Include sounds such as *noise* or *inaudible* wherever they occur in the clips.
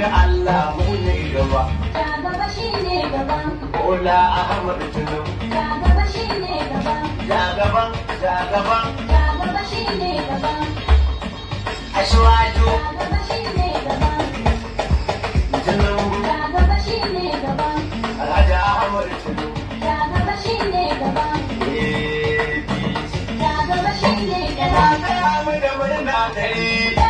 da Allah mu ne gaba. Ka gaba shi ne gaba. Bola Ahmad Tinubu. Ka gaba shi ne gaba. Ja gaba, ja gaba. Ka gaba shi ne gaba. Ashwaju. Ka gaba shi ne gaba. Tinubu. Ka gaba shi ne gaba. Alhaji Ahmad Tinubu. Ka gaba shi ne gaba. Ka gaba shi ne gaba. Ka gaba shi ne gaba.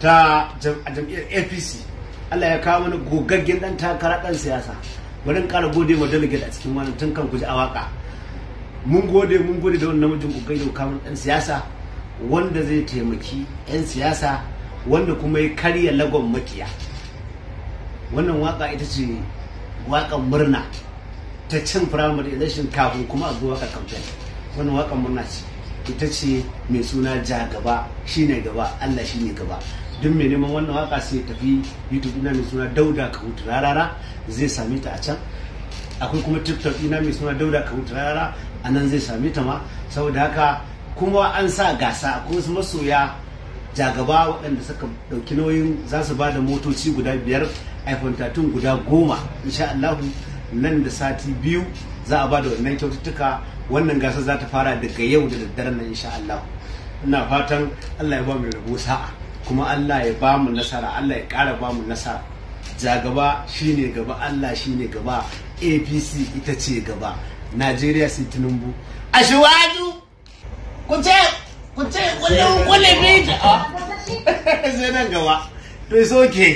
ta jam'iyyar apc allah ya kawo mana gogaggen dan takara dan siyasa bari in kara gode ma delegate a cikin wannan tun kan kuji a mun gode mun gode da wannan namijin gogaggen da kawo dan siyasa wanda zai taimaki yan siyasa wanda kuma ya karya lagon makiya wannan waka ita ce wakan murna ta cin firamare election kafin kuma a zuwa ka campaign wannan wakan murna ce ita ce mai suna ja gaba shine gaba allah shine gaba duk mai neman wannan waka sai tafi youtube ina mai suna dauda ka hutu rarara zai same ta a can akwai kuma tiktok ina mai suna dauda hutu rarara a nan zai same ta ma saboda haka kuma an sa gasa akwai wasu masoya jagaba waɗanda suka ɗauki nauyin za su ba da motoci guda biyar iphone 13 guda goma insha allahu nan da sati biyu za a ba da wannan kyaututtuka wannan gasar za ta fara daga yau da daddare nan insha allahu ina fatan Allah ya ba mu rabo sa'a kuma Allah ya ba mu nasara Allah ya kara ba mu nasara jagaba shine gaba Allah shine gaba APC ita ce gaba Najeriya sai Tinubu a shiwaju ku ce ku ce bi zai *laughs* nan gaba to okay